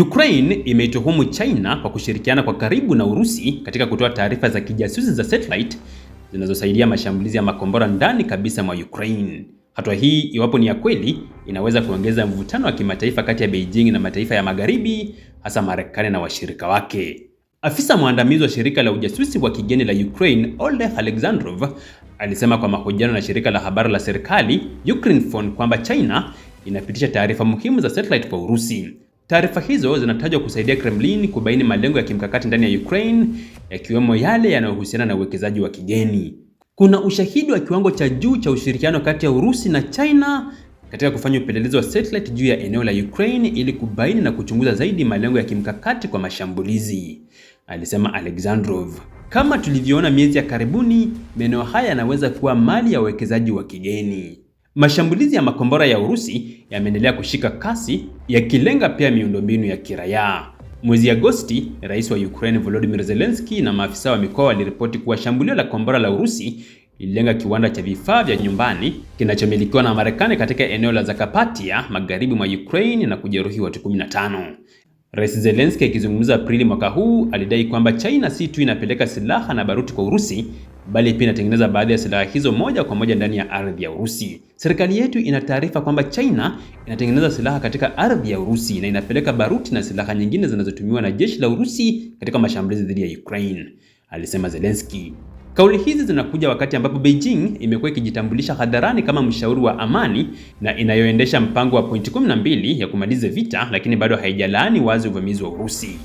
Ukraine imeituhumu China kwa kushirikiana kwa karibu na Urusi katika kutoa taarifa za kijasusi za satellite zinazosaidia mashambulizi ya makombora ndani kabisa mwa Ukraine. Hatua hii, iwapo ni ya kweli, inaweza kuongeza mvutano wa kimataifa kati ya Beijing na mataifa ya Magharibi, hasa Marekani na washirika wake. Afisa mwandamizi wa shirika la ujasusi wa kigeni la Ukraine, Oleg Alexandrov, alisema kwa mahojiano na shirika la habari la serikali Ukrinform kwamba China inapitisha taarifa muhimu za satellite kwa Urusi. Taarifa hizo zinatajwa kusaidia Kremlin kubaini malengo ya kimkakati ndani ya Ukraine, yakiwemo yale yanayohusiana na uwekezaji wa kigeni. Kuna ushahidi wa kiwango cha juu cha ushirikiano kati ya Urusi na China katika kufanya upelelezi wa satellite juu ya eneo la Ukraine ili kubaini na kuchunguza zaidi malengo ya kimkakati kwa mashambulizi, alisema Alexandrov. Kama tulivyoona miezi ya karibuni, maeneo haya yanaweza kuwa mali ya wawekezaji wa kigeni. Mashambulizi ya makombora ya Urusi yameendelea kushika kasi yakilenga pia miundombinu ya kiraia. Mwezi Agosti, Rais wa Ukraine Volodymyr Zelensky na maafisa wa mikoa waliripoti kuwa shambulio la kombora la Urusi lililenga kiwanda cha vifaa vya nyumbani kinachomilikiwa na Marekani katika eneo la Zakapatia magharibi mwa Ukraine na kujeruhi watu 15. Rais Zelensky akizungumza Aprili mwaka huu alidai kwamba China si tu inapeleka silaha na baruti kwa Urusi bali pia inatengeneza baadhi ya silaha hizo moja kwa moja ndani ya ardhi ya Urusi. Serikali yetu ina taarifa kwamba China inatengeneza silaha katika ardhi ya Urusi na inapeleka baruti na silaha nyingine zinazotumiwa na jeshi la Urusi katika mashambulizi dhidi ya Ukraine, alisema Zelensky. Kauli hizi zinakuja wakati ambapo Beijing imekuwa ikijitambulisha hadharani kama mshauri wa amani na inayoendesha mpango wa pointi 12 ya kumaliza vita, lakini bado haijalaani wazi uvamizi wa Urusi.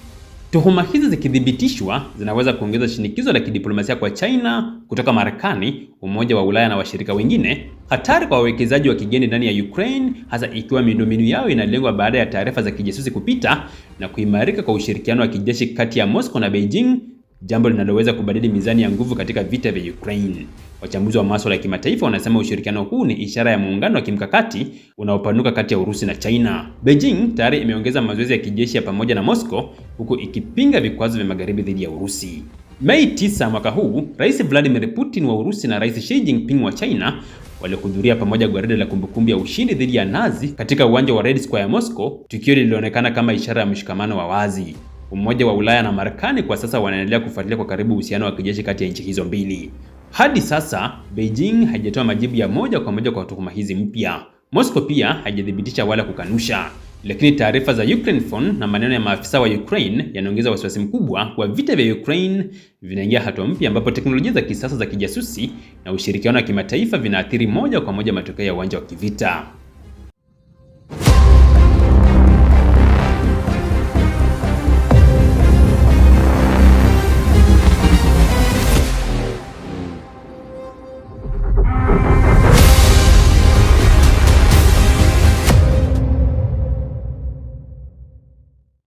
Tuhuma hizi zikithibitishwa, zinaweza kuongeza shinikizo la kidiplomasia kwa China kutoka Marekani, Umoja wa Ulaya na washirika wengine, hatari kwa wawekezaji wa kigeni ndani ya Ukraine, hasa ikiwa miundombinu yao inalengwa baada ya taarifa za kijasusi kupita, na kuimarika kwa ushirikiano wa kijeshi kati ya Moscow na Beijing jambo linaloweza kubadili mizani ya nguvu katika vita vya Ukraine. Wachambuzi wa masuala ya kimataifa wanasema ushirikiano huu ni ishara ya muungano wa kimkakati unaopanuka kati ya Urusi na China. Beijing tayari imeongeza mazoezi ya kijeshi ya pamoja na Moscow huku ikipinga vikwazo vya magharibi dhidi ya Urusi. Mei 9 mwaka huu, Rais Vladimir Putin wa Urusi na Rais Xi Jinping wa China walihudhuria pamoja gwaride la kumbukumbu ya ushindi dhidi ya Nazi katika uwanja wa Red Square ya Moscow, tukio lililoonekana kama ishara ya mshikamano wa wazi. Umoja wa Ulaya na Marekani kwa sasa wanaendelea kufuatilia kwa karibu uhusiano wa kijeshi kati ya nchi hizo mbili. Hadi sasa Beijing haijatoa majibu ya moja kwa moja kwa tuhuma hizi mpya. Moscow pia haijathibitisha wala kukanusha, lakini taarifa za phone na maneno ya maafisa wa Ukraine yanaongeza wasiwasi mkubwa kwa vita vya Ukraine vinaingia hatua mpya ambapo teknolojia za kisasa za kijasusi na ushirikiano wa kimataifa vinaathiri moja kwa moja matokeo ya uwanja wa kivita.